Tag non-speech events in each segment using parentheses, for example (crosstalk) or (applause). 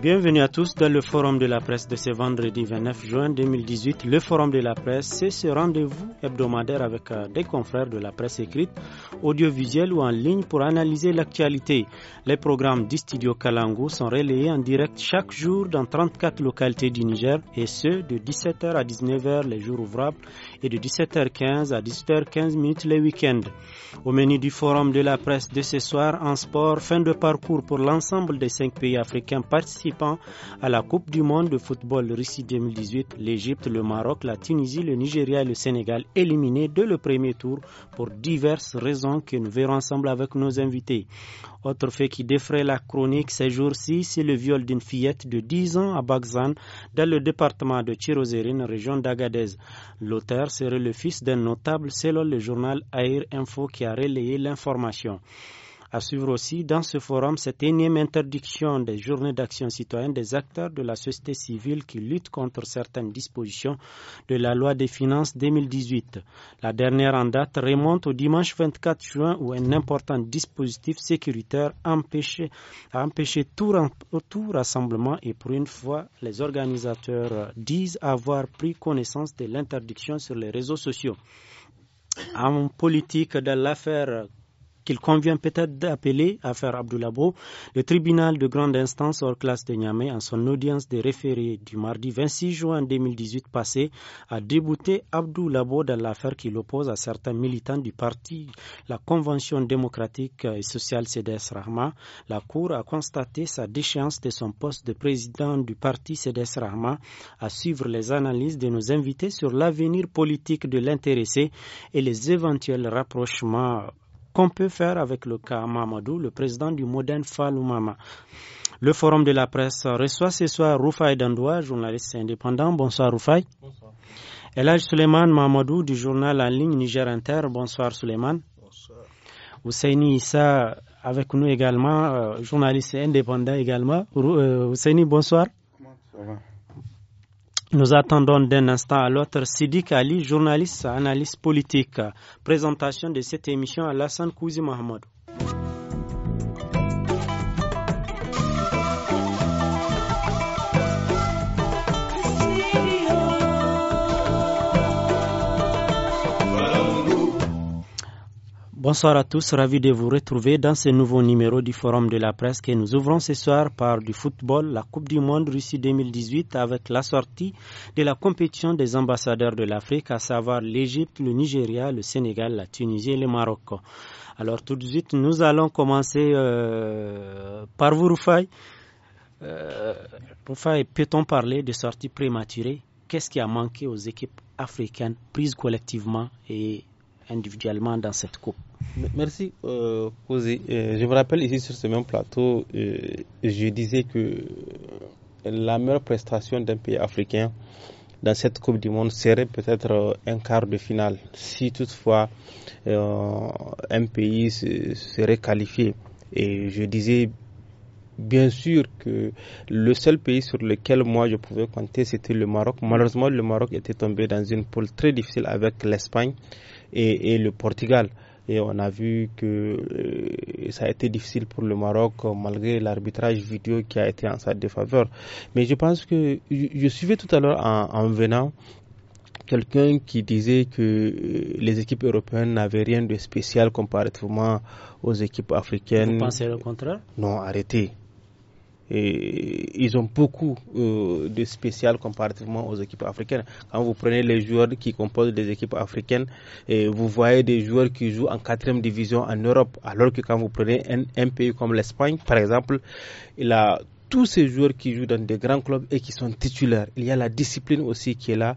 Bienvenue à tous dans le Forum de la presse de ce vendredi 29 juin 2018. Le Forum de la presse, c'est ce rendez-vous hebdomadaire avec euh, des confrères de la presse écrite, audiovisuelle ou en ligne pour analyser l'actualité. Les programmes du studio Kalango sont relayés en direct chaque jour dans 34 localités du Niger et ce, de 17h à 19h les jours ouvrables et de 17h15 à 18h15 minutes les week-ends. Au menu du Forum de la presse de ce soir, en sport, fin de parcours pour l'ensemble des cinq pays africains participants à la Coupe du monde de football Russie 2018, l'Égypte, le Maroc, la Tunisie, le Nigeria et le Sénégal éliminés dès le premier tour pour diverses raisons que nous verrons ensemble avec nos invités. Autre fait qui défraie la chronique ces jours-ci, c'est le viol d'une fillette de 10 ans à Bagzan, dans le département de Chirozérine, région d'Agadez. L'auteur serait le fils d'un notable selon le journal Air Info qui a relayé l'information. À suivre aussi dans ce forum cette énième interdiction des journées d'action citoyenne des acteurs de la société civile qui luttent contre certaines dispositions de la loi des finances 2018. La dernière en date remonte au dimanche 24 juin où un important dispositif sécuritaire a empêché tout, rassemblement et pour une fois, les organisateurs disent avoir pris connaissance de l'interdiction sur les réseaux sociaux. En politique, de l'affaire qu'il convient peut-être d'appeler affaire Abdoulabo, le tribunal de grande instance hors classe de Niamey, en son audience de référé du mardi 26 juin 2018 passé, a débouté Abdoulabo dans l'affaire qui l'oppose à certains militants du parti, la Convention démocratique et sociale CDS Rahma. La Cour a constaté sa déchéance de son poste de président du parti CDS Rahma à suivre les analyses de nos invités sur l'avenir politique de l'intéressé et les éventuels rapprochements qu'on peut faire avec le cas Mamadou, le président du Modern Faloumama Mama. Le forum de la presse reçoit ce soir Roufaï Dandoua, journaliste indépendant. Bonsoir Roufaï. Bonsoir. Elage Suleiman Mamadou du journal en ligne Niger Inter. Bonsoir Suleiman. Bonsoir. Ousseini Issa avec nous également, euh, journaliste indépendant également. Euh, Ousseini, bonsoir. Nous attendons d'un instant à l'autre Sidi Ali, journaliste, analyste politique. Présentation de cette émission à Lassane Kouzi Mohamed. Bonsoir à tous, ravi de vous retrouver dans ce nouveau numéro du Forum de la presse que nous ouvrons ce soir par du football, la Coupe du Monde Russie 2018 avec la sortie de la compétition des ambassadeurs de l'Afrique, à savoir l'Égypte, le Nigeria, le Sénégal, la Tunisie et le Maroc. Alors tout de suite, nous allons commencer euh, par vous, Rufai. Euh, Rufai, peut-on parler de sorties prématurées Qu'est-ce qui a manqué aux équipes africaines prises collectivement et individuellement dans cette coupe Merci, euh, euh, je me rappelle ici sur ce même plateau, euh, je disais que euh, la meilleure prestation d'un pays africain dans cette Coupe du Monde serait peut-être un quart de finale, si toutefois un pays serait qualifié. Et je disais bien sûr que le seul pays sur lequel moi je pouvais compter, c'était le Maroc. Malheureusement, le Maroc était tombé dans une poule très difficile avec l'Espagne et le Portugal. Et on a vu que euh, ça a été difficile pour le Maroc euh, malgré l'arbitrage vidéo qui a été en sa défaveur. Mais je pense que je, suivais tout à l'heure en, venant quelqu'un qui disait que euh, les équipes européennes n'avaient rien de spécial comparativement aux équipes africaines. Vous pensez le contraire Non, arrêtez et ils ont beaucoup euh, de spécial comparativement aux équipes africaines. Quand vous prenez les joueurs qui composent des équipes africaines, et vous voyez des joueurs qui jouent en quatrième division en Europe, alors que quand vous prenez un, un pays comme l'Espagne, par exemple, il a tous ces joueurs qui jouent dans des grands clubs et qui sont titulaires. Il y a la discipline aussi qui est là,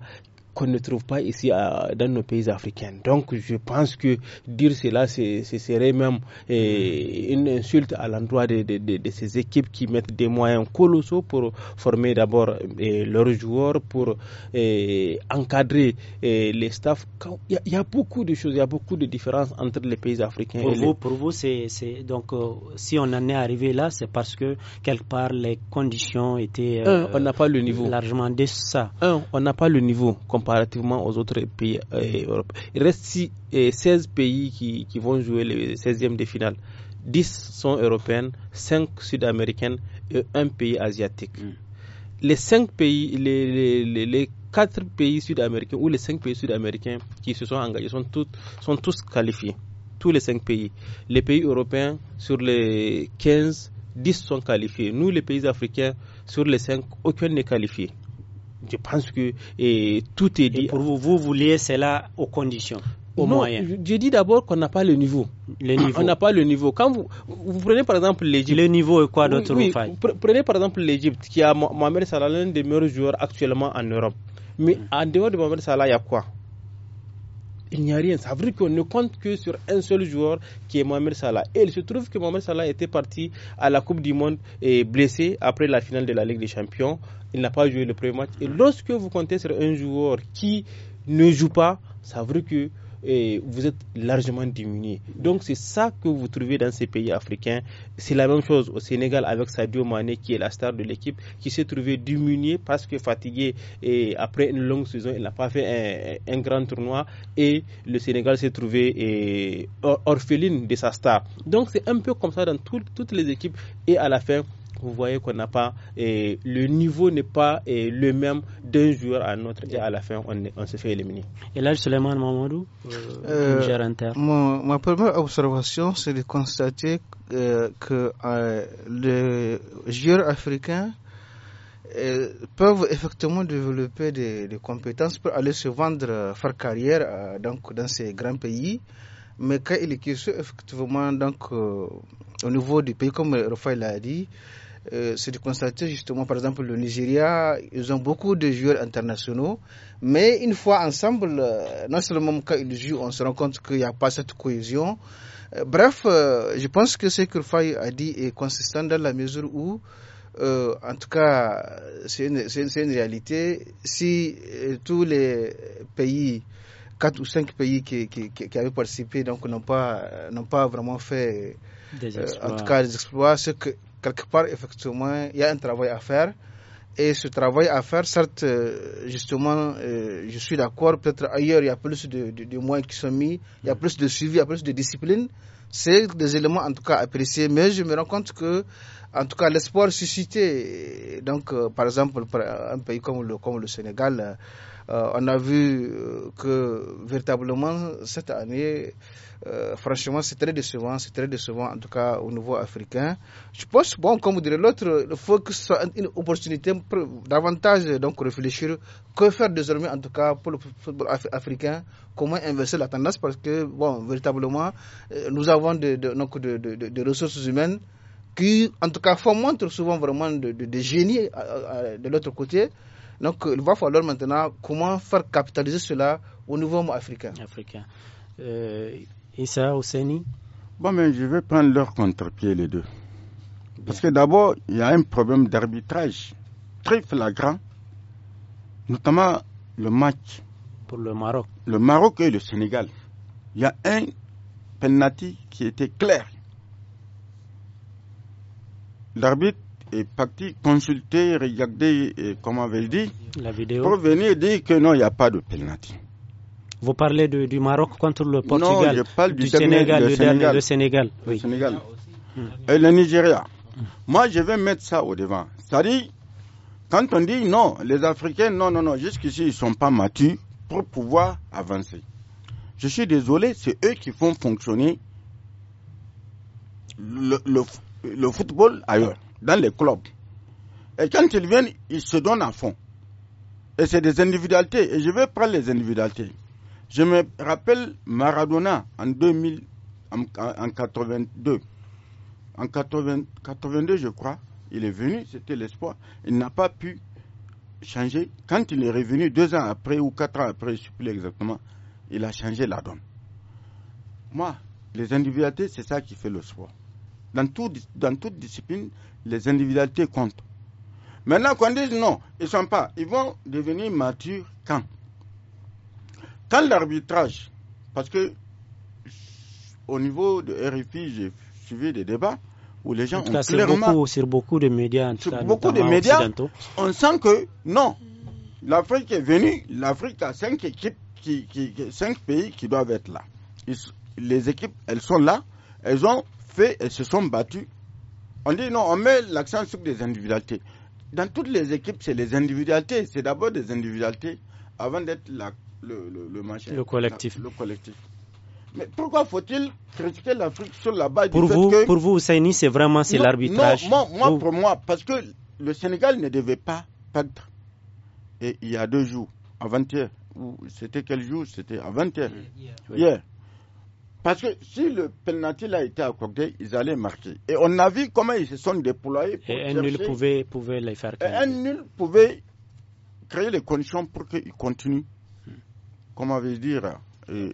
qu'on ne trouve pas ici dans nos pays africains. Donc je pense que dire cela, ce serait même eh, mm. une insulte à l'endroit de, ces équipes qui mettent des moyens colossaux pour former d'abord eh, leurs joueurs, pour eh, encadrer les staffs. Il y, a beaucoup de choses, il y a beaucoup de différences entre les pays africains. Pour vous, pour vous c'est, donc euh, si on en est arrivé là, c'est parce que quelque part les conditions étaient on n'a euh, pas le niveau. largement de ça. on n'a pas le niveau comparativement aux autres pays euh, européens. Il reste 16 euh, pays qui, vont jouer les 16e de finale. 10 sont européens, 5 sud américains et un pays asiatique. Mm. Les 5 pays, les, 4 pays sud-américains ou les 5 pays sud-américains qui se sont engagés sont tous qualifiés. Tous les 5 pays. Les pays européens, sur les 15, 10 sont qualifiés. Nous, les pays africains, sur les 5, aucun n'est qualifié. Je pense que eh, tout est dit. pour vous, vous voulez cela aux conditions aux moyens. Je dis d'abord qu'on n'a pas le niveau. On n'a pas le niveau. Quand vous, prenez par exemple l'Égypte. Le niveau est quoi d'autre oui, Prenez par exemple l'Égypte, qui a Mohamed Salah, l'un des meilleurs joueurs actuellement en Europe. Mais mm. en dehors de Mohamed Salah, il y a quoi il n'y a rien. Ça veut dire qu'on ne compte que sur un seul joueur qui est Mohamed Salah. Et il se trouve que Mohamed Salah était parti à la Coupe du Monde et blessé après la finale de la Ligue des Champions il n'a pas joué le premier match. Et lorsque vous comptez sur un joueur qui ne joue pas, ça veut que eh, vous êtes largement diminué. Donc c'est ça que vous trouvez dans ces pays africains. C'est la même chose au Sénégal avec Sadio Mané qui est la star de l'équipe, qui s'est trouvé diminué parce que fatigué et après une longue saison, il n'a pas fait un, grand tournoi et le Sénégal s'est trouvé et, eh, orpheline de sa star. Donc c'est un peu comme ça dans toutes les équipes et à la fin, vous voyez qu'on n'a pas, et le niveau n'est pas le même d'un joueur à un autre et à la fin, on, se fait éliminer. Et là, Suleiman Mamadou, euh, euh mon, ma première observation, c'est de constater euh, que euh, les joueurs africains peuvent effectivement développer des, compétences pour aller se vendre, faire carrière donc, dans ces grands pays. Mais quand il est question effectivement donc, au niveau du pays, comme Rafael l'a dit, euh, c'est de constater justement, par exemple, le Nigeria, ils ont beaucoup de joueurs internationaux, mais une fois ensemble, euh, non seulement quand ils jouent, on se rend compte qu'il n'y a pas cette cohésion. Euh, bref, je pense que ce que Faye a dit est consistant dans la mesure où, en tout cas, c'est une, c'est une, réalité. Si tous les pays quatre ou cinq pays qui, qui, qui avaient participé donc n'ont pas n'ont pas vraiment fait en tout cas des exploits ce que quelque part, effectivement, il y a un travail à faire. Et ce travail à faire, certes, euh, justement, euh, je suis d'accord, peut-être ailleurs, il y a plus de, de, moyens qui sont mis, il y a plus de suivi, il y a plus de discipline. C'est des éléments, en tout cas, appréciés. Mais je me rends compte que, en tout cas, l'espoir suscité, donc, euh, par exemple, un pays comme le, comme le Sénégal, euh, on a vu euh, que véritablement cette année, euh, franchement, c'est très décevant, c'est très décevant, en tout cas au niveau africain. Je pense, bon, comme dirait l'autre, il faut que ce soit une opportunité pour davantage donc réfléchir que faire désormais, en tout cas pour le football africain, comment inverser la tendance, parce que, bon, véritablement, nous avons des de, ressources humaines qui, en tout cas, font montre souvent vraiment de, de, génie de l'autre côté. Donc il va falloir maintenant comment faire capitaliser cela au niveau africain. africain. Euh, Issa Ouseni Bon, mais je vais prendre leur contre-pied, les deux. Parce que d'abord, il y a un problème d'arbitrage très flagrant, notamment le match. Pour le Maroc. Le Maroc et le Sénégal. Il y a un penalty qui était clair. L'arbitre et parti consulter, regarder, euh, comme avait dit, la vidéo. pour venir dire que non, il n'y a pas de penalty. Vous parlez du Maroc contre le Portugal, non, je parle du, Sénégal, le Sénégal, Et le Nigeria. Moi, je vais mettre ça au devant. C'est-à-dire, quand on dit non, les Africains, non, non, non, jusqu'ici, ils ne sont pas matus pour pouvoir avancer. Je suis désolé, c'est eux qui font fonctionner le football ailleurs dans les clubs. Et quand ils viennent, ils se donnent à fond. Et c'est des individualités. Et je vais prendre les individualités. Je me rappelle Maradona en 2000, en, 82. En 82, je crois, il est venu, c'était l'espoir. Il n'a pas pu changer. Quand il est revenu deux ans après ou quatre ans après, je ne sais plus exactement, il a changé la donne. Moi, les individualités, c'est ça qui fait le sport. Dans, tout, dans toute discipline, les individualités comptent. Maintenant qu'on dise non, ils ne sont pas. Ils vont devenir matures quand Quand l'arbitrage, parce que au niveau de RFI, j'ai suivi des débats où les gens ont clairement... Beaucoup, sur beaucoup de médias, sur beaucoup de médias, on sent que non, l'Afrique est venue, l'Afrique a cinq équipes, qui, cinq pays qui doivent être là. les équipes, elles sont là, elles ont fait, elles se sont battus. On dit non, on met l'accent sur des individualités. Dans toutes les équipes, c'est les individualités. C'est d'abord des individualités avant d'être le, le, machin, le collectif. le collectif. Mais pourquoi faut-il critiquer l'Afrique sur la base pour du vous, fait que... Pour vous, Ousseini, c'est vraiment c'est l'arbitrage. Non, moi, pour moi, parce que le Sénégal ne devait pas perdre. Et il y a deux jours, avant-hier, c'était quel jour C'était avant-hier. Hier. Parce que si le penalty a été accordé, ils allaient marquer. Et on a vu comment ils se sont déployés pour Et un nul pouvait, pouvait les faire créer. Et un nul pouvait créer les conditions pour qu'ils continuent. Comment veux je dire euh,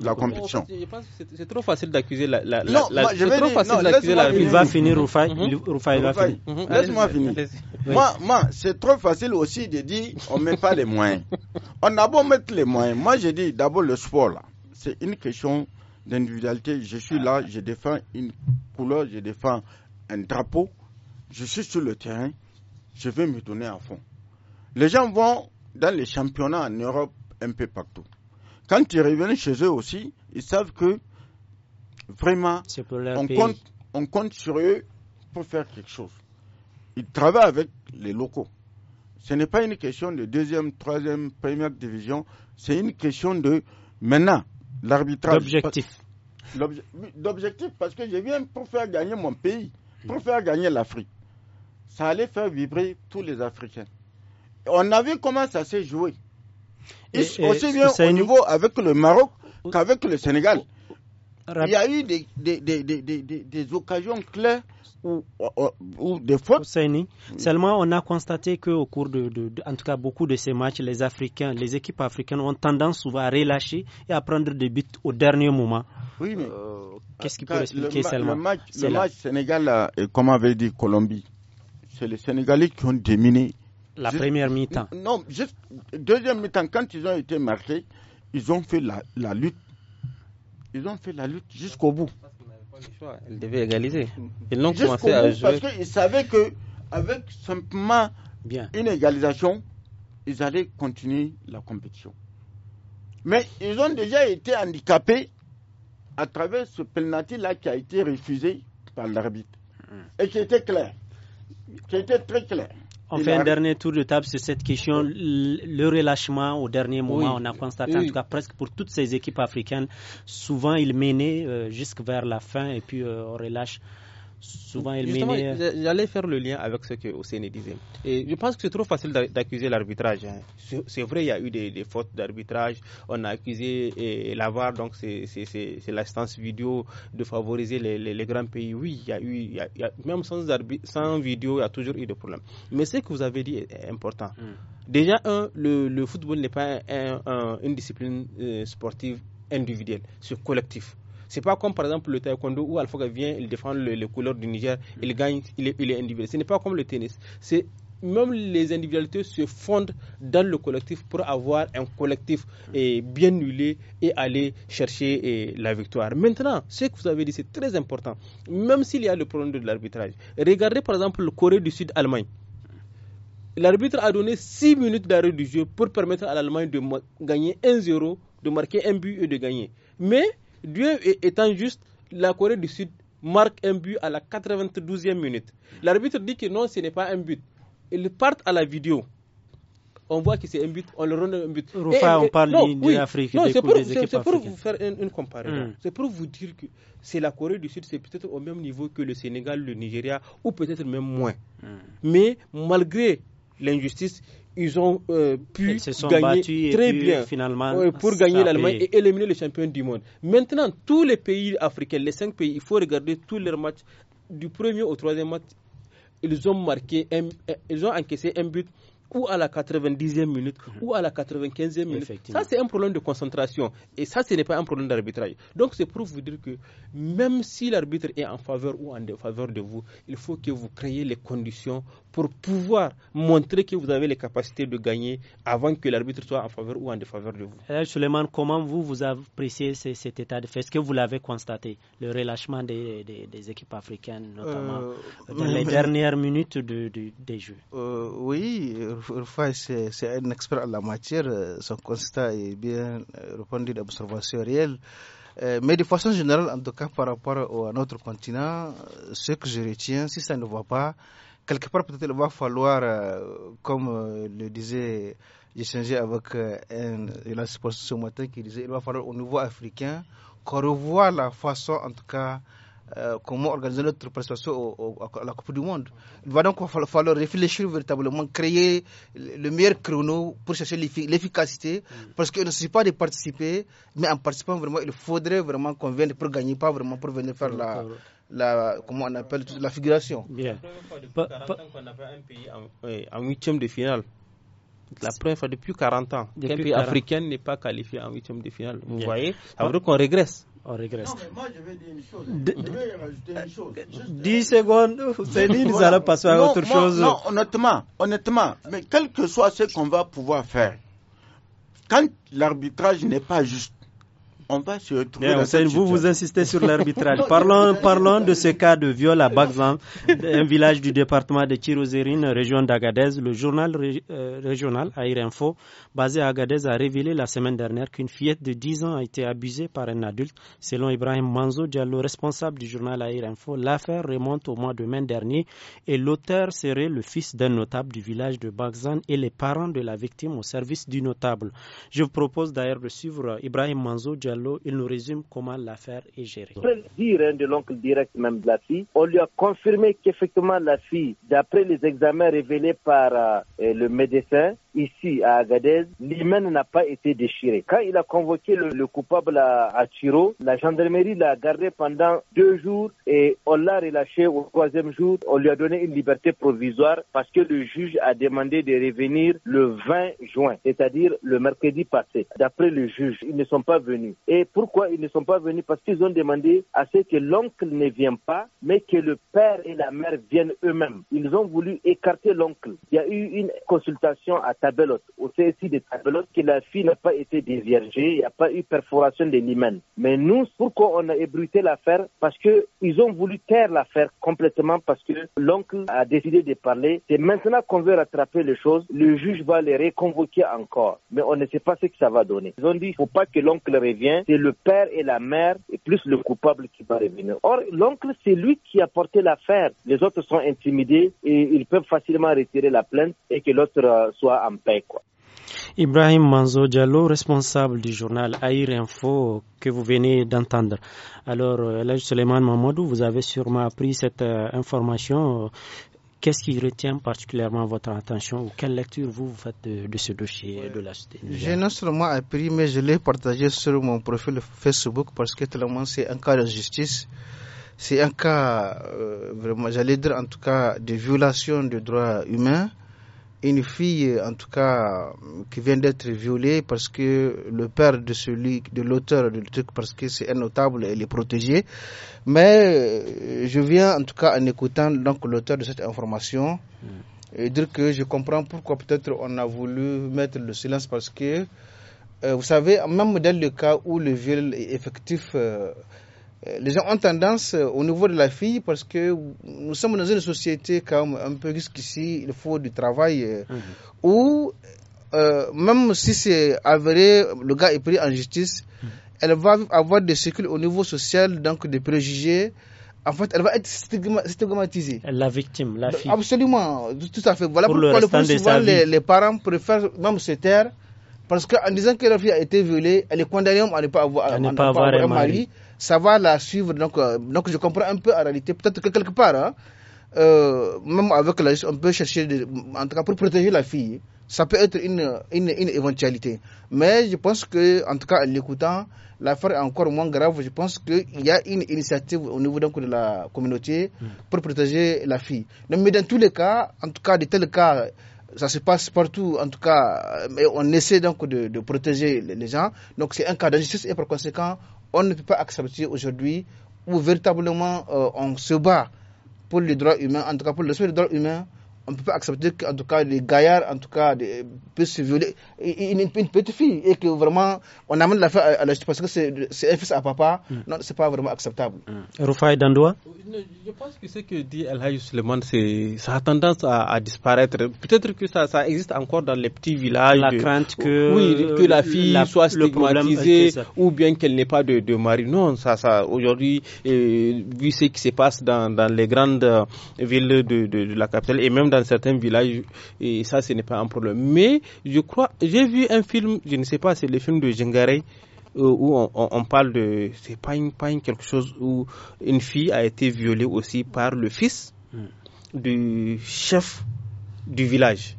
la compétition. je pense que c'est trop facile d'accuser la, la, non, la, je vais facile d'accuser la Il va finir Rufai, mhm. va finir. Mhm. Laisse-moi finir. Moi, moi c'est trop facile aussi de dire on met pas les moyens. on a beau mettre les moyens. Moi, je dis d'abord le sport c'est une question d'individualité. Je suis là, je défends une couleur, je défends un drapeau. Je suis sur le terrain, je vais me donner à fond. Les gens vont dans les championnats en Europe, un peu partout. Quand ils reviennent chez eux aussi, ils savent que vraiment, on compte, on compte sur eux pour faire quelque chose. Ils travaillent avec les locaux. Ce n'est pas une question de deuxième, troisième, première division. C'est une question de maintenant l'arbitrage. L'objectif. L'objectif, parce que je viens pour faire gagner mon pays, pour faire gagner l'Afrique. Ça allait faire vibrer tous les Africains. On a vu comment ça s'est joué. aussi bien au niveau avec le Maroc qu'avec le Sénégal il y a eu des, occasions claires ou, des fautes. Seulement, on a constaté qu'au cours de, en tout cas, beaucoup de ces matchs, les Africains, les équipes africaines ont tendance souvent à relâcher et à prendre des buts au dernier moment. Oui, mais euh, qu'est-ce qui peut expliquer seulement Le match, le match Sénégal, comment comme avait dit Colombie, c'est les Sénégalais qui ont dominé. La première mi-temps. Non, juste deuxième mi-temps, quand ils ont été marqués, ils ont fait la lutte ils ont fait la lutte jusqu'au bout. Ils devaient égaliser. Ils ont commencé à jouer. Parce qu'ils savaient que avec simplement une égalisation, ils allaient continuer la compétition. Mais ils ont déjà été handicapés à travers ce penalty-là qui a été refusé par l'arbitre. Hum. Et qui était clair. Qui était très clair. On fait un dernier tour de table sur cette question. Le relâchement au dernier moment, on a constaté, en tout cas presque pour toutes ces équipes africaines, souvent ils menaient euh, jusque vers la fin et puis euh, on relâche souvent euh, J'allais faire le lien avec ce que Hossein disait. Et je pense que c'est trop facile d'accuser l'arbitrage. Hein. C'est vrai, il y a eu des, fautes d'arbitrage. On a accusé l'AVAR, donc c'est l'instance vidéo, de favoriser les, grands pays. Oui, il y a eu, même sans, sans, vidéo, il y a toujours eu des problèmes. Mais ce que vous avez dit est important. Hmm. Déjà, le, football n'est pas une discipline euh, sportive individuelle, c'est collectif. C'est pas comme par exemple le taekwondo où Alpha vient, il défend les le couleurs du Niger, il mm. gagne, il est, il est individuel. Ce n'est pas comme le tennis. C'est même les individualités se fondent dans le collectif pour avoir un collectif mm. et bien nulé et aller chercher la victoire. Maintenant, ce que vous avez dit, c'est très important. Même s'il y a le problème de l'arbitrage, regardez par exemple le Corée du Sud-Allemagne. L'arbitre a donné 6 minutes d'arrêt du jeu pour permettre à l'Allemagne de gagner 1-0, de marquer un but et de gagner. Mais Dieu étant juste, la Corée du Sud marque un but à la 92e minute. L'arbitre dit que non, ce n'est pas un but. Ils partent à la vidéo. On voit que c'est un but, on leur rend un but. on parle d'Afrique de c'est pour, vous faire une, comparaison. Hmm. C'est pour vous dire que c'est la Corée du Sud, c'est peut-être au même niveau que le Sénégal, le Nigeria, ou peut-être même moins. Hmm. Mais malgré l'injustice, ils ont euh, pu sont gagner très bien finalement, euh, pour gagner l'Allemagne et éliminer le champion du monde. Maintenant, tous les pays africains, les cinq pays, il faut regarder tous leurs matchs. Du premier au troisième match, ils ont marqué, ils ont encaissé un but ou à la 90e minute mhm. ou à la 95e minute. Ça, c'est un problème de concentration et ça, ce n'est pas un problème d'arbitrage. Donc, c'est pour vous dire que même si l'arbitre est en faveur ou en défaveur de vous, il faut que vous créez les conditions pour pouvoir montrer que vous avez les capacités de gagner avant que l'arbitre soit en faveur ou en défaveur de vous. Alors, eh, Suleiman, comment vous, vous appréciez cet état de fait Est-ce que vous l'avez constaté, le relâchement des, équipes africaines, notamment euh, dans les dernières minutes des Jeux euh, Oui, Rufai, c'est un expert en la matière. Euh, son constat est bien euh, répondu d'observation réelle. Euh, mais de façon générale, en tout cas par rapport à notre continent, ce que je retiens, si ça ne va pas, quelque part peut-être il va falloir, comme le disait, j'ai avec un, il a ce matin qui disait, il va falloir au niveau africain qu'on revoie la façon, en tout cas, comment euh, organiser notre prestation à la Coupe du Monde. Il va donc falloir réfléchir véritablement, créer le meilleur chrono pour chercher l'efficacité, mm. parce qu'il ne suffit pas de participer, mais en participant vraiment, il faudrait vraiment qu'on vienne pour gagner, pas vraiment pour venir faire la comment on appelle, la figuration. Bien. qu'on un pays euh, en, huitième de finale. La première fois depuis 40 ans qu'un pays africain n'est pas qualifié en huitième de finale. Vous voyez, ça veut qu'on régresse. Non, mais moi, je vais dire une chose. je vais rajouter une chose. 10 secondes, c'est dit, nous allons passer à autre chose. Non, honnêtement, honnêtement, mais quel que soit ce qu'on va pouvoir faire, quand l'arbitrage n'est pas juste, on eh, vous, vous insistez sur (laughs) l'arbitrage. parlons, parlons de ce cas de viol à Bagzan, un village du département de Tirozérine, région d'Agadez. Le journal euh, régional Air Info, basé à Agadez, a révélé la semaine dernière qu'une fillette de 10 ans a été abusée par un adulte. Selon Ibrahim Manzo Diallo, responsable du journal Air Info, l'affaire remonte au mois de mai dernier et l'auteur serait le fils d'un notable du village de Bagzan et les parents de la victime au service du notable. Je vous propose d'ailleurs de suivre Ibrahim Manzo Diallo Diallo, il nous résume comment l'affaire est gérée. dire de l'oncle direct même de la fille, on lui a confirmé qu'effectivement la fille, d'après les examens révélés par euh, le médecin, ici à Agadez, l'hymen n'a pas été déchiré. Quand il a convoqué le, coupable à, à Chiro, la gendarmerie l'a gardé pendant deux jours et on l'a relâché au troisième jour. On lui a donné une liberté provisoire parce que le juge a demandé de revenir le 20 juin, c'est-à-dire le mercredi passé. D'après le juge, ils ne sont pas venus. Et pourquoi ils ne sont pas venus Parce qu'ils ont demandé à ce que l'oncle ne vienne pas, mais que le père et la mère viennent eux-mêmes. Ils ont voulu écarter l'oncle. Il y a eu une consultation à tabelote. On sait ici des tabelotes que la fille n'a pas été déviergée, il n'y a pas eu perforation de l'hymen. Mais nous, pourquoi on a ébruité l'affaire Parce que ils ont voulu taire l'affaire complètement parce que l'oncle a décidé de parler. C'est maintenant qu'on veut rattraper les choses. Le juge va les reconvoquer encore. Mais on ne sait pas ce que ça va donner. Ils ont dit, il faut pas que l'oncle revienne. C'est le père et la mère et plus le coupable qui va revenir. Or, l'oncle, c'est lui qui a porté l'affaire. Les autres sont intimidés et ils peuvent facilement retirer la plainte et que l'autre euh, soit en Ibrahim Manzo Diallo, responsable du journal Air Info que vous venez d'entendre. Alors, euh, là, Suleiman Mamadou, vous avez sûrement appris cette euh, information. Qu'est-ce qui retient particulièrement votre attention ou quelle lecture vous, faites de, ce dossier de la J'ai non seulement appris, mais je l'ai partagé sur mon profil Facebook parce que tellement c'est un cas de justice. C'est un cas, euh, vraiment, j'allais dire en tout cas, de violation des droits humains une fille, en tout cas, euh, qui vient d'être violée parce que le père de celui, de l'auteur du truc, parce que c'est un notable, et est protégée. Mais euh, je viens, en tout cas, en écoutant donc l'auteur de cette information, mm. et dire que je comprends pourquoi peut-être on a voulu mettre le silence parce que, euh, vous savez, même dans le cas où le viol est effectif, euh, les gens ont tendance euh, au niveau de la fille, parce que nous sommes dans une société comme un peu jusqu'ici, il faut du travail, euh, mhm. ou même si c'est avéré, le gars est pris en justice, mhm. elle va avoir des circuits au niveau social, donc des préjugés. En fait, elle va être stigmatisée. La victime, la fille. Absolument, tout à fait. Voilà pourquoi les, parents préfèrent même se taire, parce qu'en disant que la fille a été violée, elle est condamnée à ne pas avoir, pas avoir, un mari ça va la suivre. Donc, euh, donc je comprends un peu en réalité, peut-être que quelque part, hein, euh, même avec la justice, on peut chercher, en tout cas pour protéger la fille, ça peut être une, une, une éventualité. Mais je pense que, en tout cas, en l'écoutant, l'affaire est encore moins grave. Je pense qu'il y a une initiative au niveau donc, de la communauté hmm. pour protéger la fille. mais dans tous les cas, en tout cas, de tels cas, ça se passe partout, en tout cas, mais on essaie donc de, de protéger les gens. Donc c'est un cas d'injustice et par conséquent, on ne peut pas accepter aujourd'hui où véritablement euh, on se bat pour les droits humains, en tout cas pour le droit des droits humains, on peut pas accepter qu'en tout cas les gaillards, en tout cas, puissent violer une, une, petite fille et que vraiment on amène la fille à, la justice parce que c'est un fils à papa. Hmm. Non, c'est pas vraiment acceptable. Hmm. Rufaï Dandoua euh, Je pense que ce que dit El Hayou Suleiman, ça a tendance à, disparaître. Peut-être que ça, existe encore dans les petits villages. La crainte oh, que, oui, que la fille soit stigmatisée ou bien qu'elle n'ait pas de, mari. Non, ça, ça aujourd'hui, euh, vu ce qui se passe dans, les grandes euh, villes de, de la capitale et même certains villages, et ça, ce n'est pas un problème. Mais je crois, j'ai vu un film, je ne sais pas, c'est le film de Jengare euh, où on, parle de. C'est pas une, pas quelque chose où une fille a été violée aussi par le fils hmm. du chef du village.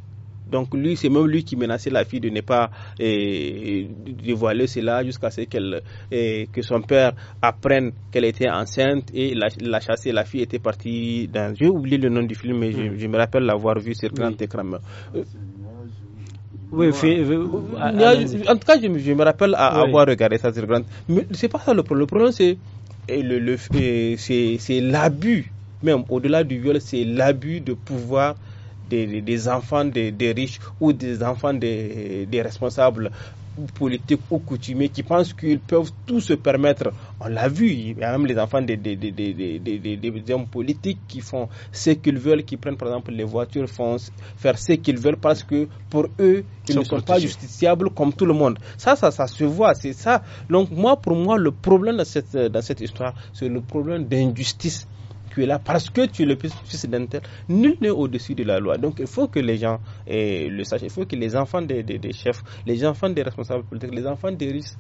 Donc lui, c'est même lui qui menaçait la fille de ne pas eh, dévoiler cela jusqu'à ce qu'elle eh, que son père apprenne qu'elle était enceinte et la, chasse et La fille était partie dans. J'ai oublié le nom du film, mais je, hmm. me rappelle l'avoir vu sur grand oui, euh, en tout cas, je, me rappelle avoir regardé ça sur grand. Mais c'est pas ça le problème. Le problème, c'est eh, le, l'abus, même au-delà du viol, c'est l'abus de pouvoir des, des enfants des, des, riches ou des enfants des, des responsables politiques ou coutumiers qui pensent qu'ils peuvent tout se permettre. On l'a vu, il y a même les enfants des, des, des, des hommes politiques qui font ce qu'ils veulent, qui prennent par exemple les voitures, font faire ce qu'ils veulent parce que pour eux, ils, ne sont pas justiciables comme tout le monde. Ça, ça, ça se voit, c'est ça. Donc moi, pour moi, le problème dans cette, dans cette histoire, c'est le problème d'injustice tu là parce que tu es le fils d'un tel. Nul n'est au-dessus de la loi. Donc il faut que les gens eh, le sachent. Il faut que les enfants des, chefs, les enfants des responsables politiques, les enfants des riches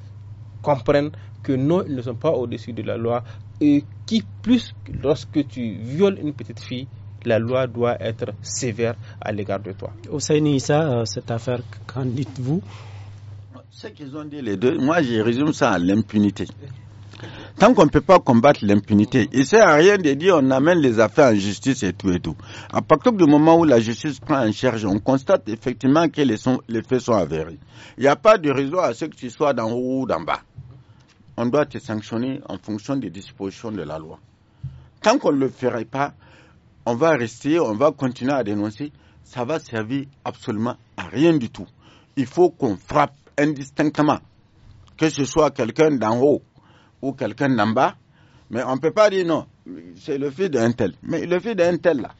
comprennent que nous ne sommes pas au-dessus de la loi. Et qui plus, lorsque tu violes une petite fille, la loi doit être sévère à l'égard de toi. Hussein Issa, euh, cette affaire, qu'en dites-vous Ce qu'ils ont dit les deux, moi je résume ça à l'impunité. Tant qu'on ne peut pas combattre l'impunité, il ne sert à rien de dire on amène les affaires en justice et tout et tout. À partir du moment où la justice prend en charge, on constate effectivement que les, faits sont avérés. Il n'y a pas de raison à ce que tu sois d'en haut ou d'en bas. On doit te sanctionner en fonction des dispositions de la loi. Tant qu'on ne le ferait pas, on va rester, on va continuer à dénoncer. Ça va servir absolument à rien du tout. Il faut qu'on frappe indistinctement, que ce soit quelqu'un d'en haut ou quelqu'un d'en bas, mais on ne peut pas dire non, c'est le fils d'un tel. Mais le fils d'un tel là,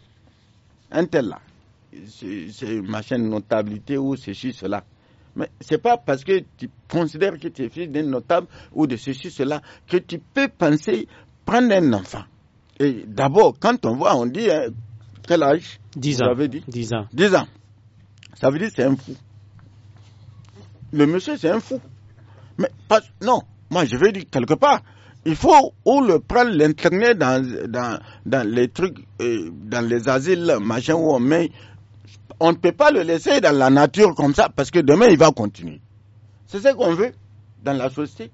un tel là, c'est ma chaîne notabilité ou ceci, cela. Mais ce n'est pas parce que tu considères que tu es fils d'un notable ou de ceci, cela, que tu peux penser prendre un enfant. Et d'abord, quand on voit, on dit hein, quel âge 10 ans. Vous avez dit 10 ans. 10 ans. Ça veut dire c'est un fou. Le monsieur, c'est un fou. Mais pas, non, moi, je veux dire quelque part, il faut ou le prendre l'internet dans, dans, les trucs, euh, dans les asiles, machin, ou on On ne peut pas le laisser dans la nature comme ça parce que demain il va continuer. C'est ce qu'on veut dans la société.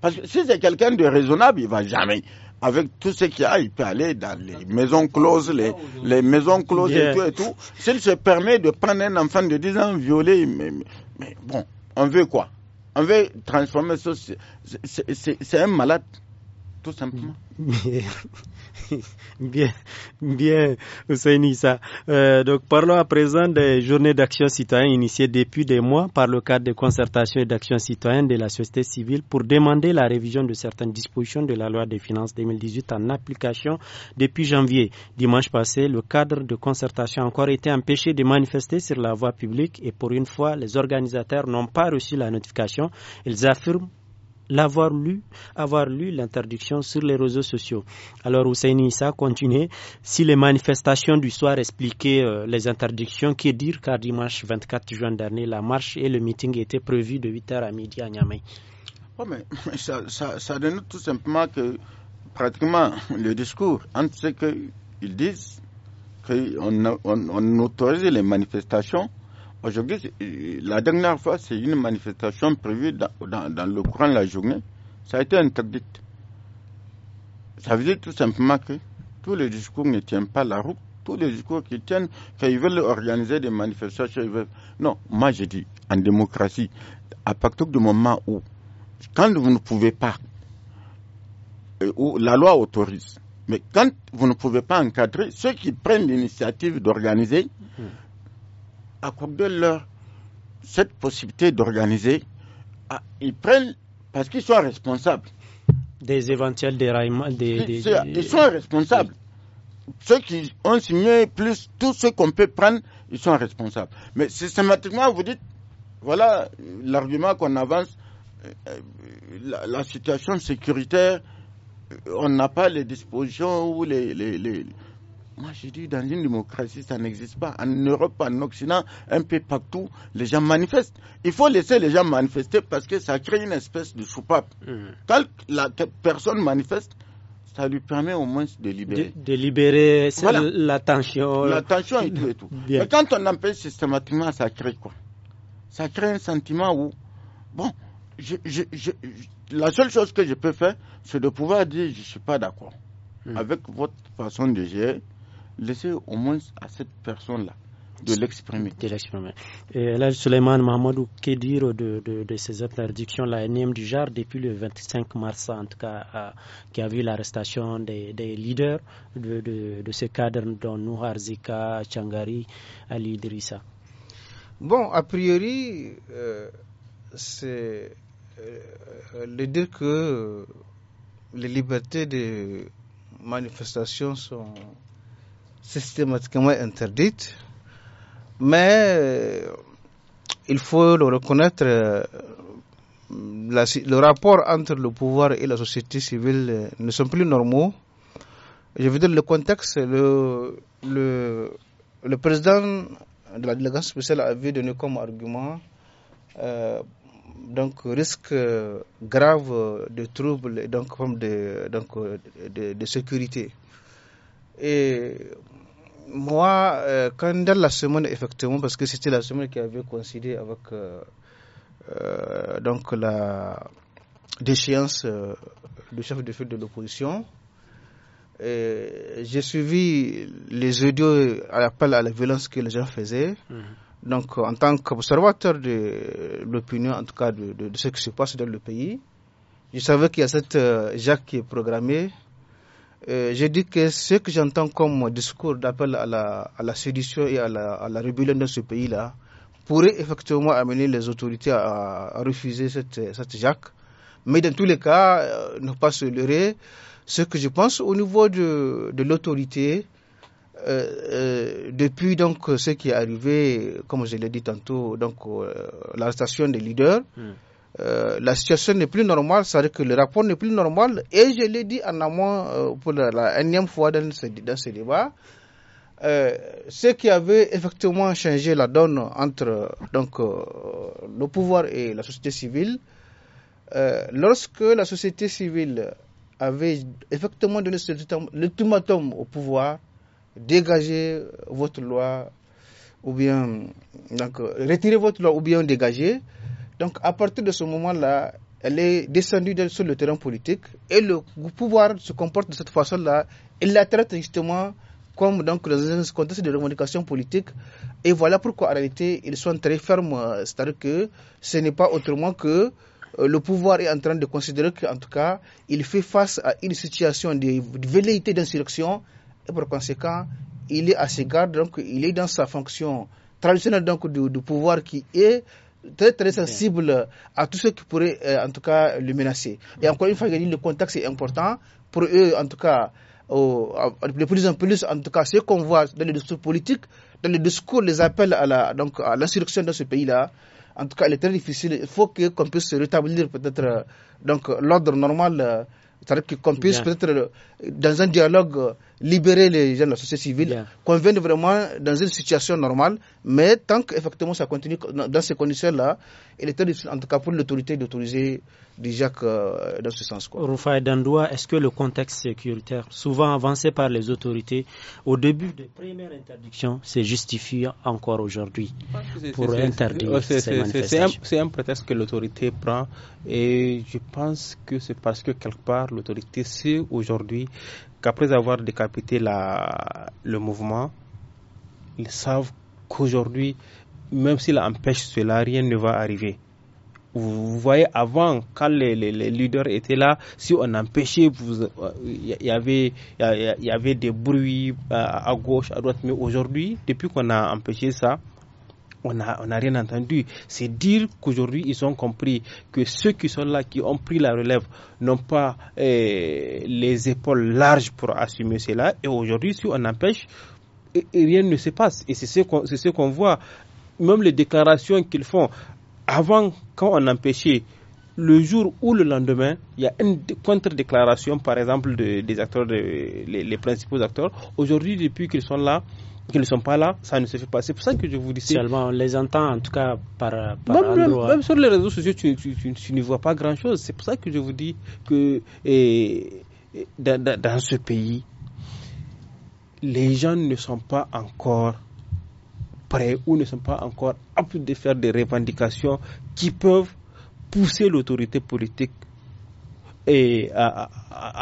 Parce que si c'est quelqu'un de raisonnable, il va jamais. Avec tout ce qu'il y a, il peut aller dans les maisons closes, les, maisons closes et tout et tout. S'il se permet de prendre un enfant de 10 ans violé, mais bon, on veut quoi on veut transformer ça. C'est un malade tout (laughs) Bien, bien, Nissa. Euh, donc, parlons à présent des journées d'action citoyenne initiées depuis des mois par le cadre de concertation et d'action citoyenne de la société civile pour demander la révision de certaines dispositions de la loi des finances 2018 en application depuis janvier. Dimanche passé, le cadre de concertation a encore été empêché de manifester sur la voie publique et pour une fois, les organisateurs n'ont pas reçu la notification. Ils affirment l'avoir lu, avoir lu l'interdiction sur les réseaux sociaux. Alors Hussein Issa continue. Si les manifestations du soir expliquaient euh, les interdictions, qui dire car dimanche 24 juin dernier, la marche et le meeting étaient prévus de 8h à midi à Niamey. Oui mais, ça, donne tout simplement que pratiquement le discours entre ce qu'ils disent, qu'on autorise les manifestations, Aujourd'hui, euh, la dernière fois, c'est une manifestation prévue dans, le courant de la journée. Ça a été interdite. Ça veut dire tout simplement que tous les discours ne tiennent pas la route. Tous les discours qui tiennent, qu'ils veulent organiser des manifestations, Non, moi je dis, en démocratie, à partir du moment où, quand vous ne pouvez pas, euh, où la loi autorise, mais quand vous ne pouvez pas encadrer, ceux qui prennent l'initiative d'organiser, mmh de leur cette possibilité d'organiser. Ah, ils prennent, parce qu'ils sont responsables. Des éventuels déraillements. Des, ils sont responsables. Ceux qui ont signé, plus tout ce qu'on peut prendre, ils sont responsables. Mais systématiquement, vous dites, voilà l'argument qu'on avance, euh, euh, la, situation sécuritaire, euh, on n'a pas les dispositions ou les moi, je dis, dans une démocratie, ça n'existe pas. En Europe, en Occident, un peu partout, les gens manifestent. Il faut laisser les gens manifester parce que ça crée une espèce de soupape. Mmh. Quand la personne manifeste, ça lui permet au moins de libérer. De, libérer L'attention tension. et tout et tout. Mais quand on empêche systématiquement, ça crée quoi Ça crée un sentiment où, bon, la seule chose que je peux faire, c'est de pouvoir dire je ne suis pas d'accord mmh. avec votre façon de gérer laissez au moins à cette personne-là de l'exprimer. De l'exprimer. Et là, Suleiman Mahamadou, que dire de, de, de ces interdictions, la NM du genre, depuis le 25 mars, en tout cas, qui a vu l'arrestation des, des, leaders de, de, ces cadres, dont Nouhar Zika, Changari, Ali Idrissa Bon, a priori, euh, c'est euh, le dire que les libertés de manifestation sont systématiquement interdite, mais euh, il faut le reconnaître, euh, le rapport entre le pouvoir et la société civile euh, ne sont plus normaux. Je veux dire, le contexte, le, président de la délégation spéciale avait donné comme argument donc risque grave de troubles et donc, de sécurité. Et moi, euh, quand dans la semaine, effectivement, parce que c'était la semaine qui avait coïncidé avec euh, euh, donc la déchéance du chef de file de l'opposition, j'ai suivi les audios à l'appel à la violence que les gens faisaient. Mhm. Donc, en tant qu'observateur de l'opinion, en tout cas de, ce qui se passe dans le pays, je savais qu'il y a cette Jacques qui est programmée euh, j'ai je dis que ce que j'entends comme discours d'appel à la, à la, sédition et à la, à la rébellion dans ce pays-là pourrait effectivement amener les autorités à, refuser cette, cette Mais dans tous les cas, euh, ne pas se leurrer. Ce que je pense au niveau de, l'autorité, euh, depuis donc ce qui est arrivé, comme je l'ai dit tantôt, donc l'arrestation des leaders, hmm. Euh, la situation n'est plus normale, c'est-à-dire que le rapport n'est plus normal. Et je l'ai dit en amont euh, pour la, énième fois dans ce, débat. Euh, ce qui avait effectivement changé la donne entre donc, le pouvoir et la société civile, lorsque la société civile avait effectivement donné l'ultimatum au pouvoir, dégager votre loi, ou bien donc, retirez votre loi ou bien dégagez, donc à partir de ce moment-là, elle est descendue sur le terrain politique et le pouvoir se comporte de cette façon-là. Il la traite justement comme donc dans un contexte de revendication politique. Et voilà pourquoi en réalité ils sont très fermes. C'est-à-dire que ce n'est pas autrement que euh, le pouvoir est en train de considérer qu'en tout cas, il fait face à une situation de velléité d'insurrection et par conséquent, il est à ses gardes, donc il est dans sa fonction traditionnelle donc, du, du pouvoir qui est très très sensible à tout ce qui pourrait euh, en tout cas le menacer. Et encore une fois, je le contexte est important pour eux en tout cas. Au, de plus en plus, en tout cas, ce qu'on voit dans les discours politiques, dans les discours, les appels à la, donc, à l'insurrection dans ce pays-là, en tout cas, il est très difficile. Il faut qu'on puisse rétablir peut-être euh, donc l'ordre normal euh, c'est-à-dire qu'on puisse peut-être, euh, dans un dialogue, euh, libérer les jeunes de la société civile, qu'on vienne vraiment dans une situation normale, mais tant qu'effectivement ça continue dans ces conditions-là, il est difficile, en tout cas pour l'autorité, d'autoriser Déjà que euh, dans ce sens. Quoi. Rufai Dandoua, est-ce que le contexte sécuritaire, souvent avancé par les autorités, au début des premières interdictions, se justifie encore aujourd'hui pour interdire ces C'est un, prétexte que l'autorité prend et je pense que c'est parce que quelque part l'autorité sait aujourd'hui qu'après avoir décapité la, le mouvement, ils savent qu'aujourd'hui, même s'il empêche cela, rien ne va arriver vous voyez, avant, quand les, leaders étaient là, si on empêchait, il euh, y, avait, y avait des bruits euh, à gauche, à droite. Mais aujourd'hui, depuis qu'on a empêché ça, on n'a a rien entendu. C'est dire qu'aujourd'hui, ils ont compris que ceux qui sont là, qui ont pris la relève, n'ont pas eh, les épaules larges pour assumer cela. Et aujourd'hui, si on empêche, rien ne se passe. Et c'est ce qu'on voit. Même les déclarations qu'ils font, avant, quand on empêchait, le jour ou le lendemain, il y a une contre-déclaration, par exemple, des acteurs, les, principaux acteurs. Aujourd'hui, depuis qu'ils sont là, qu'ils ne sont pas là, ça ne se fait pas. C'est pour ça que je vous dis. Seulement, on les entend, en tout cas, par. par même, même, sur les réseaux sociaux, tu, ne vois pas grand-chose. C'est pour ça que je vous dis que dans ce pays, les gens ne sont pas encore prêts ou ne sont pas encore aptes de faire des revendications qui peuvent pousser l'autorité politique et à,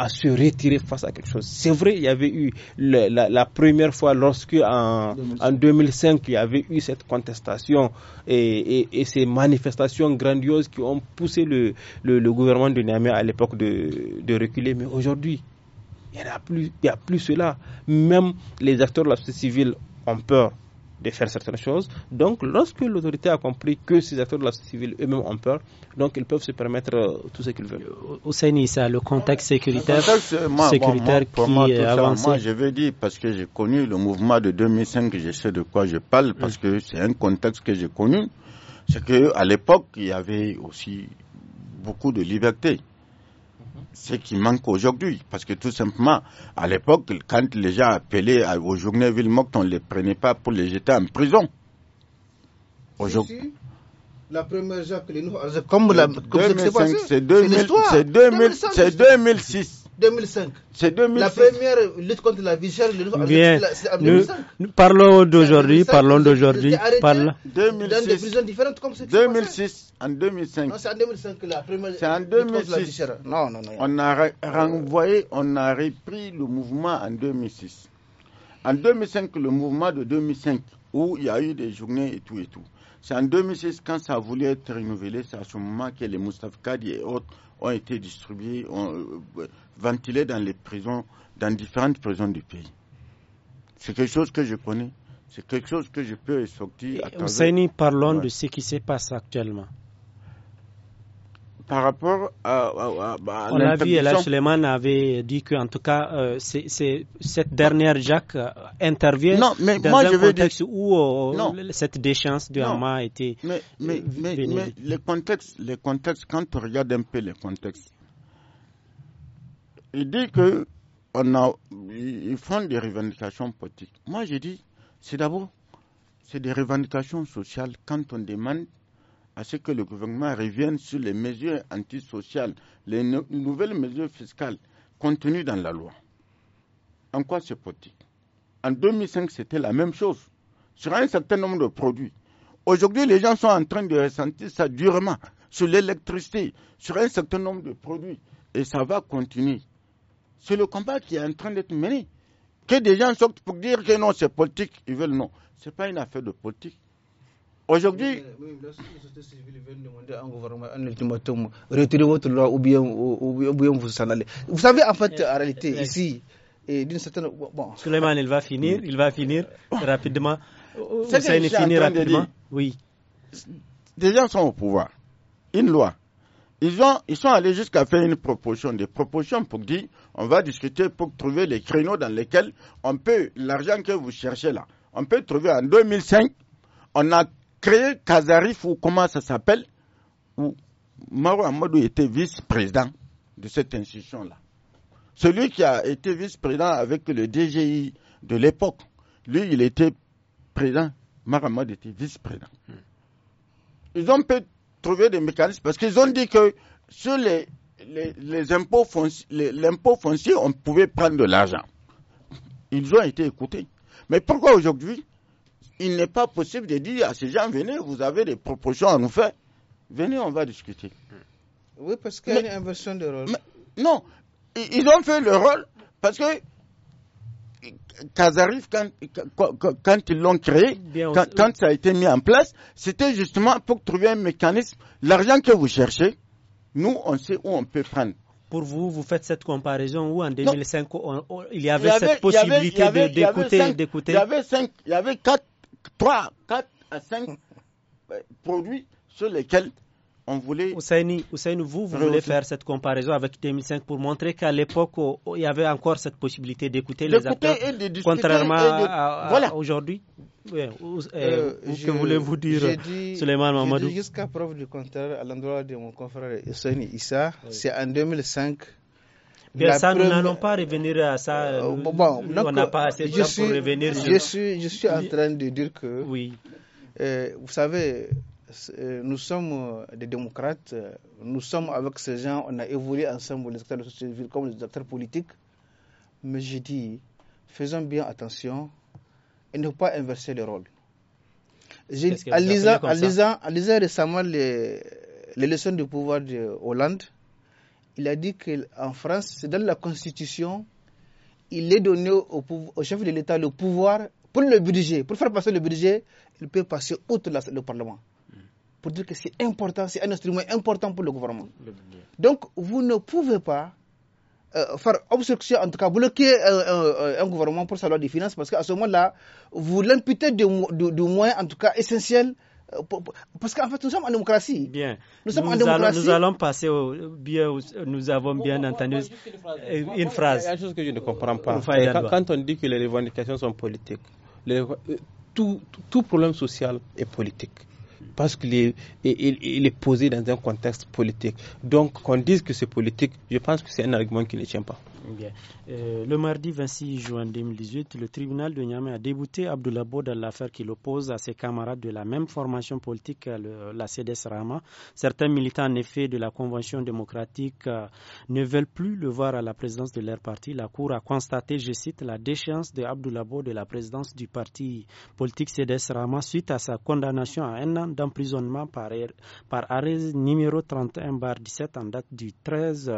se retirer face à quelque chose. C'est vrai, il y avait eu la, première fois lorsque en 2005. il y avait eu cette contestation et, ces manifestations grandioses qui ont poussé le, gouvernement de Niamey à l'époque de, reculer. Mais aujourd'hui, il n'y a plus, il a plus cela. Même les acteurs de la société civile ont peur de faire certaines choses. Donc, lorsque l'autorité a compris que ces acteurs de la société civile eux-mêmes ont peur, donc ils peuvent se permettre euh, tout ce qu'ils veulent. Euh, Ousseini, ça, le contexte sécuritaire, sécuritaire qui avance. moi, je veux dire, parce que j'ai connu le mouvement de 2005, je sais de quoi je parle, parce que c'est un contexte que j'ai connu. C'est qu'à l'époque, il y avait aussi beaucoup de liberté ce qui manque aujourd'hui. Parce que tout simplement, à l'époque, quand les gens appelaient aux journées ville on ne les prenait pas pour les jeter en prison. Aujourd'hui. La première Jacqueline, comme, la, c'est 2006. 2005. C'est 2005. La première lutte contre la vie chère, c'est 2005. Nous, parlons d'aujourd'hui, parlons d'aujourd'hui. Parlons. 2006. Dans des prisons différentes comme c'est 2006, en 2005. Non, c'est en 2005 la première C'est en 2006. La non, non, non. On a renvoyé, on a repris le mouvement en 2006. En 2005, le mouvement de 2005, où il y a eu des journées et tout et tout. C'est en 2006, quand ça voulait être renouvelé, c'est à ce moment que les Moustapha et autres ont été distribués, ont, euh, ventilés dans les prisons, dans différentes prisons du pays. C'est quelque chose que je connais. C'est quelque chose que je peux sortir. À Ousseini, parlons de ce qui se passe actuellement par rapport à, à, à, On a vu, Ella Suleiman avait dit qu'en tout cas, euh, cette dernière Jacques euh, intervient dans le un contexte où euh, cette déchéance de Hamas Hama a été... Mais, mais, mais, le, contexte, quand on regarde un peu le contexte, il dit que on a, ils font des revendications politiques. Moi, j'ai dit, c'est d'abord, c'est des revendications sociales quand on demande à ce que le gouvernement revienne sur les mesures antisociales, les nouvelles mesures fiscales contenues dans la loi. En quoi c'est politique En 2005, c'était la même chose sur un certain nombre de produits. Aujourd'hui, les gens sont en train de ressentir ça durement sur l'électricité, sur un certain nombre de produits. Et ça va continuer. C'est le combat qui est en train d'être mené. Que des gens sortent pour dire que non, c'est politique, ils veulent non. Ce n'est pas une affaire de politique. Aujourd'hui. Les votre loi ou bien, ou, bien vous s'en allez. Vous savez, en fait, en réalité, ici, d'une certaine. Bon. Suleiman, il va finir, il va finir euh, rapidement. Euh, finir rapidement. oui. Des gens sont au pouvoir. Une loi. Ils, ont, ils sont allés jusqu'à faire une proposition, des propositions pour dire on va discuter pour trouver les créneaux dans lesquels on peut, l'argent que vous cherchez là, on peut trouver en 2005, on a créé Kazarif, ou comment ça s'appelle, où Maro était vice-président de cette institution-là. Celui qui a été vice-président avec le DGI de l'époque, lui, il était président, Maro était vice-président. Hmm. Ils ont pu trouver des mécanismes parce qu'ils ont dit que sur les, les, impôts fonciers, les, impôts on pouvait prendre de l'argent. Ils ont été écoutés. Mais pourquoi aujourd'hui il n'est pas possible de dire à ces gens, venez, vous avez des propositions à nous faire, venez, on va discuter. Oui, parce qu'il y a une inversion de rôle. non, ils ont fait le rôle parce que Kazarif, quand, quand, ils l'ont créé, quand, ça a été mis en place, c'était justement pour trouver un mécanisme. L'argent que vous cherchez, nous, on sait où on peut prendre. Pour vous, vous faites cette comparaison où en 2005, il, y avait, cette possibilité d'écouter. d'écouter. il y avait cinq, il y avait quatre 3, 4 à 5 euh, produits sur lesquels on voulait. Ousseini, Ousaini vous, vous voulez faire cette comparaison avec 2005 pour montrer qu'à l'époque, il y avait encore cette possibilité d'écouter les acteurs, contrairement à, à aujourd'hui. Oui, euh, euh, que voulez-vous dire, Suleiman Mamadou Jusqu'à preuve du contraire, à l'endroit de mon confrère Ousseini Issa, c'est en 2005 Bien, ça, nous n'allons pas revenir à ça. Euh, bon, on n'a pas assez de temps pour revenir Je suis, je suis en train de dire que, oui. Euh, vous savez, euh, nous sommes des démocrates, nous sommes avec ces gens, on a évolué ensemble, les acteurs de la société civile comme les acteurs politiques. Mais je dis, faisons bien attention et ne pas inverser les rôles. En lisant, récemment les leçons du pouvoir de Hollande, il a dit qu'en France, c'est dans la Constitution, il est donné au, au chef de l'État le pouvoir pour le budget. Pour faire passer le budget, il peut passer outre le Parlement. Pour dire que c'est important, c'est un instrument important pour le gouvernement. Donc, vous ne pouvez pas euh, faire obstruction, en tout cas bloquer euh, euh, un gouvernement pour sa loi des finances, parce qu'à ce moment-là, vous l'imputez de moins, en tout cas essentiel, euh, parce qu'en fait, nous sommes en démocratie. Bien. Nous sommes démocratie. Allons, nous allons passer au. Bien, nous avons bien entendu une phrase. Euh, il y a une chose que je ne comprends pas. Quand, on dit que les revendications sont politiques, euh, tout, problème social est politique. Parce qu'il est, est posé dans un contexte politique. Donc, qu'on dise que c'est politique, je pense que c'est un argument qui ne tient pas. Euh, le mardi 26 juin 2018, le tribunal de Niamey a débouté Abdoulabo dans l'affaire qui l'oppose à ses camarades de la même formation politique, euh, la CDS Rama. Certains militants, en effet, de la Convention démocratique euh, ne veulent plus le voir à la présidence de leur parti. La Cour a constaté, je cite, la déchéance de Abdoulabo de la présidence du parti politique CDS Rama suite à sa condamnation à un an d'emprisonnement par, arrêt numéro 31-17 en date du 13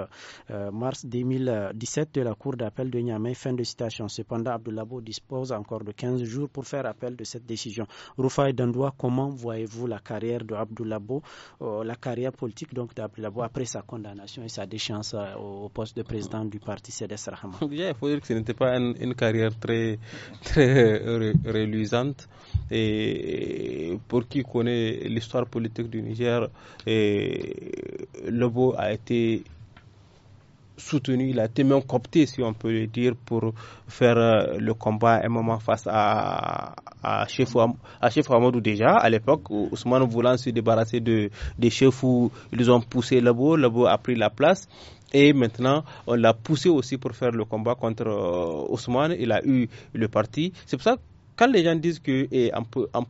mars 2017 de la Cour d'appel de Niamey. Fin de citation. Cependant, Abdoulabo dispose encore de 15 jours pour faire appel de cette décision. Rufai Dandoua, comment voyez-vous la carrière de euh, la carrière politique donc d'Abdoulabo après sa condamnation et sa déchéance euh, au poste de président du parti CDS Rahama Il faut dire que ce n'était pas une carrière très, très reluisante. Et pour qui connaît l'histoire politique du Niger, et Lobo a été soutenu, il a été même si on peut le dire, pour faire euh, le combat à un moment face à, à Chef, à Chef déjà. À l'époque, Ousmane voulant se débarrasser de, des chefs où ils ont poussé Labo, Labo a pris la place. Et maintenant, on l'a poussé aussi pour faire le combat contre euh, Ousmane. Il a eu le parti. C'est pour ça quand les gens disent que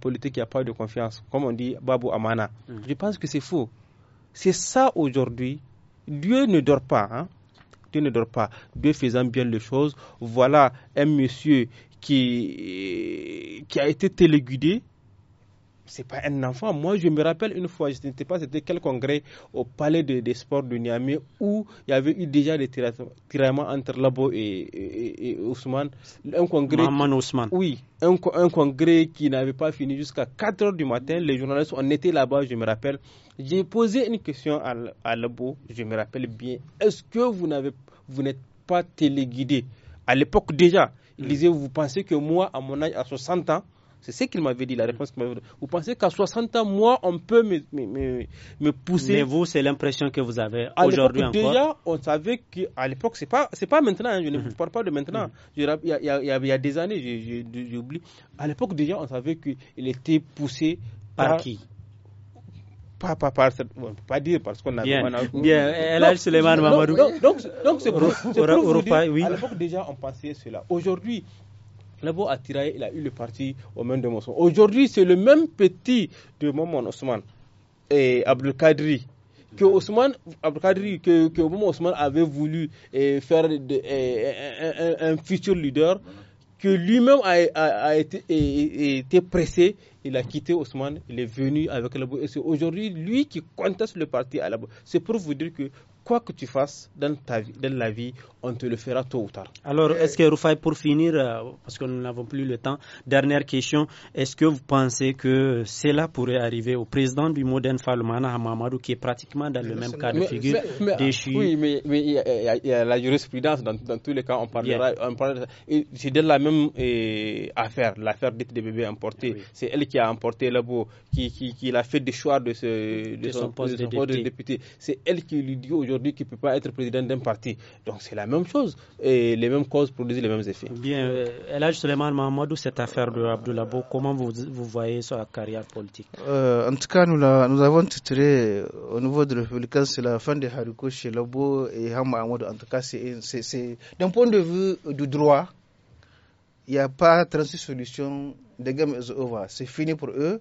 politique, il n'y a pas de confiance, comme on dit Babou Amana, mm. je pense que c'est faux. C'est ça aujourd'hui. Dieu ne dort pas. Hein ne dort pas, Dieu faisant bien les choses, voilà un monsieur qui, qui a été téléguidé. C'est pas un enfant. Moi, je me rappelle une fois, je ne pas c'était quel congrès au palais des sports de Niamey où il y avait eu déjà des tiraillements entre Labo et, Ousmane. Un congrès. Oui, un, congrès qui n'avait pas fini jusqu'à 4 heures du matin. Les journalistes, on été là-bas, je me rappelle. J'ai posé une question à, à Labo, je me rappelle bien. Est-ce que vous n'avez vous n'êtes pas téléguidé. À l'époque déjà, il mm. disait, vous pensez que moi, à mon âge, à 60 ans, c'est ce qu'il m'avait dit, la mm. réponse qu'il m'avait donnée. Vous pensez qu'à 60 ans, moi, on peut me, me, me pousser. Mais vous, c'est l'impression que vous avez aujourd'hui encore. Déjà, on savait qu'à l'époque, c'est pas, c'est pas maintenant, hein, je ne vous mm-hmm. parle pas de maintenant. Mm-hmm. Il y, a, y y, a, des années, j'ai oublié. À l'époque, déjà, on savait qu'il était poussé par qui pas, pas, pas, pas dire parce qu'on a bien, elle a, bien. Suleiman Mamadou donc donc c'est pour, pour vous dire, oui. à l'époque déjà on pensait cela aujourd'hui Labo tiré il a eu le parti au même de Mosson. Aujourd'hui, c'est le même petit de Maman Ousmane et Abdel Kadri que Osman Abdelkadri, que, que Ousmane avait voulu eh, faire eh, un futur leader, que lui-même a, été, pressé, il a quitté Ousmane, il est venu avec la Et c'est aujourd'hui lui qui conteste le parti à la C'est pour vous dire que quoi que tu fasses dans, ta vie, dans la vie, on te le fera tôt ou tard. Alors, est-ce que Rufai, pour finir, euh, parce que nous n'avons plus le temps, dernière question, est-ce que vous pensez que cela pourrait arriver au président du Modern Falmana, Hamamadou, qui est pratiquement dans le même cas de figure déchu Oui, mais, il, y la jurisprudence, dans, tous les cas, on parlera. c'est de la même eh, affaire, l'affaire d'être des bébés emportés. C'est elle qui a emporté le beau, qui, qui, l'a fait déchoir choix de, son, poste de, député. C'est elle qui lui dit aujourd'hui qu'il ne peut pas être président d'un parti. Donc, c'est la même même chose et les mêmes causes produisent les mêmes effets. Bien, euh, ma justement Mahamadou, cette affaire de Abdoulabo, comment vous, vous voyez la carrière politique euh, En tout cas, nous, la, nous avons titré euh, au niveau de républicain, c'est la fin de Haruko chez Labo et En tout cas, c'est d'un point de vue du droit, il n'y a pas de solution. des game C'est fini pour eux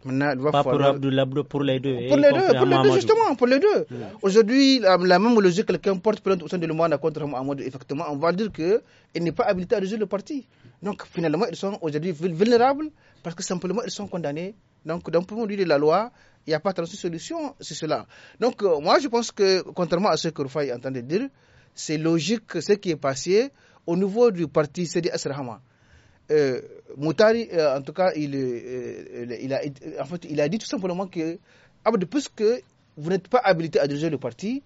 pas pour Abdou pour les deux. Pour les deux, pour les deux justement, pour les deux. Mm. Aujourd'hui, la, même logique, quelqu'un porte plainte au sein de l'Oumana contre Mohamed, effectivement, on va dire qu'il n'est pas habilité à résoudre le parti. Donc finalement, ils sont aujourd'hui vulnérables parce que simplement, ils sont condamnés. Donc, d'un point de vue de la loi, il n'y a pas de solution, c'est cela. Donc, euh, moi, je pense que, contrairement à ce que Rufai entendait dire, c'est logique ce qui est passé au niveau du parti CDS Rahama. Euh, Moutari, euh, en tout cas, il, euh, a, en fait, il a dit tout simplement que, ah, que vous n'êtes pas habilité à diriger le parti,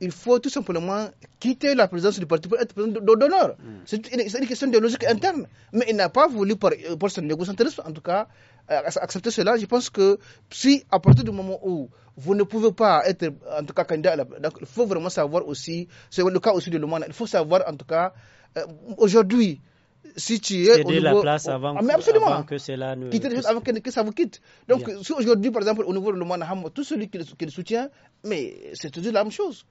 il faut tout simplement quitter la présence du parti pour être président d'honneur. Hmm. C'est une, question de logique interne. Mais il n'a pas voulu, pour son négociation, en tout cas, accepter cela. Je pense que si, à partir du moment où vous ne pouvez pas être, en tout cas, candidat, il faut vraiment savoir aussi, c'est le cas aussi de Lumana, il faut savoir, en tout cas, aujourd'hui, si tu es la place avant, ah, mais absolument, que cela ne avant que, ça vous quitte. Donc aujourd'hui par exemple au niveau de Moana tout celui qui le, soutient, mais c'est toujours la même chose.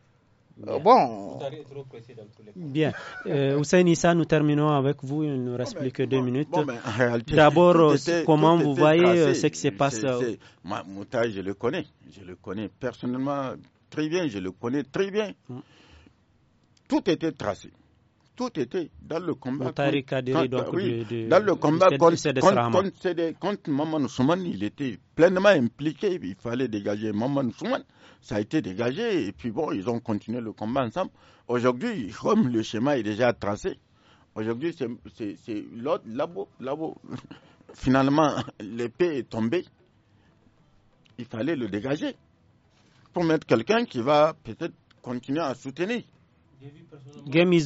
Euh, bon. Bien. Euh, Issa, nous terminons avec vous. Il ne nous reste oh, ben, plus que deux minutes. Ben, D'abord, euh, comment vous voyez euh, ce qui se passe Moi, Mouta, je le connais. Je le connais personnellement très bien. Je le connais très bien. Mm. Tout était tracé tout était dans le combat. Contre, le contre, Maman Souman, il était pleinement impliqué. Il fallait dégager Maman Souman. Ça a été dégagé et puis bon, ils ont continué le combat ensemble. Aujourd'hui, comme le schéma est déjà tracé, aujourd'hui c'est l'autre là labo. (laughs) Finalement, l'épée est tombée. Il fallait le dégager pour mettre quelqu'un qui va peut-être continuer à soutenir. Game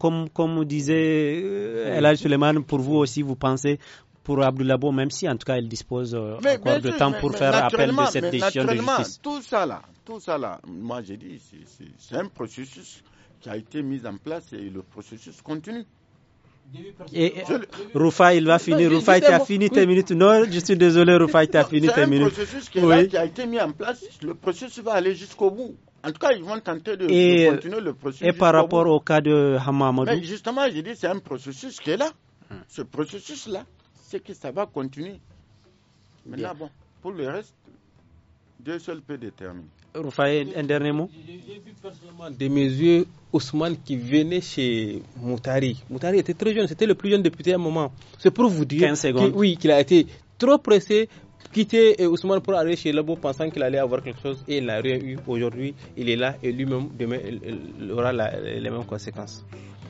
comme, comme disait euh, El Suleiman, pour vous aussi, vous pensez pour Abdullah, même si en tout cas il dispose euh, encore de temps pour faire appel de cette décision de justice. Tout ça là, tout ça là, moi j'ai dit, c'est un processus qui a été mis en place et le processus continue. Et Roufa, il va finir. Roufa, tu as fini tes minutes. Non, je suis désolé, Roufa, tu as fini tes minutes. C'est un processus qui, oui. qui a été mis en place. Le processus va aller jusqu'au bout. En tout cas, ils vont tenter de, continuer le processus. Et par rapport au cas de Hamamadou Mais justement, j'ai dit, c'est un processus qui est là. Ce processus-là, c'est que ça va continuer. Maintenant, bon, pour le reste, Dieu seul peut déterminer. Roufaï, un dernier mot J'ai vu personnellement de mes yeux Ousmane qui venait chez Moutari. Moutari était très jeune, c'était le plus jeune député à un moment. C'est pour vous dire oui, qu'il a été trop pressé quitter Ousmane pour aller chez Labo pensant qu'il allait avoir quelque chose et il n'a rien eu. Aujourd'hui, il est là et lui-même, demain, aura les mêmes conséquences.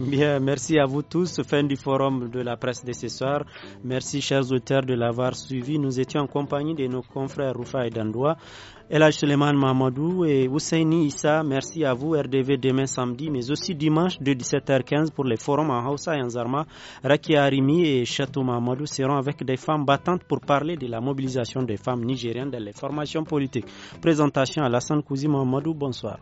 Bien, merci à vous tous. Fin du forum de la presse de ce soir. Merci, chers auteurs, de l'avoir suivi. Nous étions en compagnie de nos confrères Roufa et Dandoua. Elaj Suleiman Mamadou et Husseini Issa, merci à vous. RDV demain samedi, mais aussi dimanche de 17h15 pour les forums en Hausa et en Zarma. Raki Arimi et Chateau Mamadou seront avec des femmes battantes pour parler de la mobilisation des femmes nigériennes dans les formations politiques. Présentation à Lassane Kouzi Mamadou. Bonsoir.